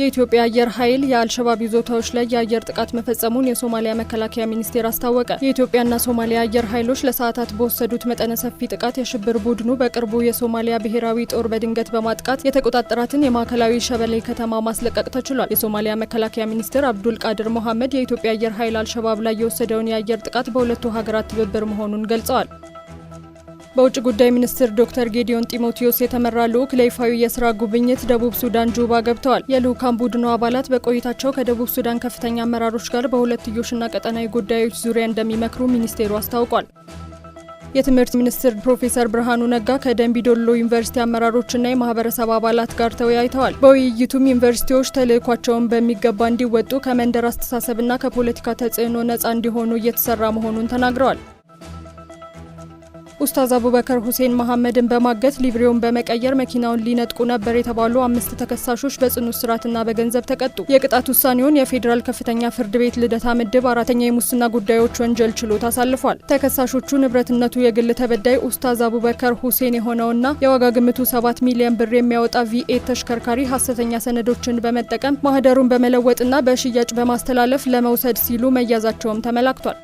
የኢትዮጵያ አየር ኃይል የአልሸባብ ይዞታዎች ላይ የአየር ጥቃት መፈጸሙን የሶማሊያ መከላከያ ሚኒስቴር አስታወቀ። የኢትዮጵያና ሶማሊያ አየር ኃይሎች ለሰዓታት በወሰዱት መጠነ ሰፊ ጥቃት የሽብር ቡድኑ በቅርቡ የሶማሊያ ብሔራዊ ጦር በድንገት በማጥቃት የተቆጣጠራትን የማዕከላዊ ሸበሌ ከተማ ማስለቀቅ ተችሏል። የሶማሊያ መከላከያ ሚኒስትር አብዱል ቃድር ሞሐመድ የኢትዮጵያ አየር ኃይል አልሸባብ ላይ የወሰደውን የአየር ጥቃት በሁለቱ ሀገራት ትብብር መሆኑን ገልጸዋል። በውጭ ጉዳይ ሚኒስትር ዶክተር ጌዲዮን ጢሞቴዎስ የተመራ ልዑክ ለይፋዊ የስራ ጉብኝት ደቡብ ሱዳን ጁባ ገብተዋል። የልዑካን ቡድኑ አባላት በቆይታቸው ከደቡብ ሱዳን ከፍተኛ አመራሮች ጋር በሁለትዮሽና ቀጠናዊ ጉዳዮች ዙሪያ እንደሚመክሩ ሚኒስቴሩ አስታውቋል። የትምህርት ሚኒስትር ፕሮፌሰር ብርሃኑ ነጋ ከደንቢዶሎ ዩኒቨርሲቲ አመራሮችና የማህበረሰብ አባላት ጋር ተወያይተዋል። በውይይቱም ዩኒቨርሲቲዎች ተልእኳቸውን በሚገባ እንዲወጡ ከመንደር አስተሳሰብና ከፖለቲካ ተጽዕኖ ነፃ እንዲሆኑ እየተሰራ መሆኑን ተናግረዋል። ኡስታዝ አቡበከር ሁሴን መሐመድን በማገት ሊብሬውን በመቀየር መኪናውን ሊነጥቁ ነበር የተባሉ አምስት ተከሳሾች በጽኑ እስራትና በገንዘብ ተቀጡ። የቅጣት ውሳኔውን የፌዴራል ከፍተኛ ፍርድ ቤት ልደታ ምድብ አራተኛ የሙስና ጉዳዮች ወንጀል ችሎት አሳልፏል። ተከሳሾቹ ንብረትነቱ የግል ተበዳይ ኡስታዝ አቡበከር ሁሴን የሆነውና የዋጋ ግምቱ ሰባት ሚሊዮን ብር የሚያወጣ ቪኤት ተሽከርካሪ ሐሰተኛ ሰነዶችን በመጠቀም ማህደሩን በመለወጥና በሽያጭ በማስተላለፍ ለመውሰድ ሲሉ መያዛቸውም ተመላክቷል።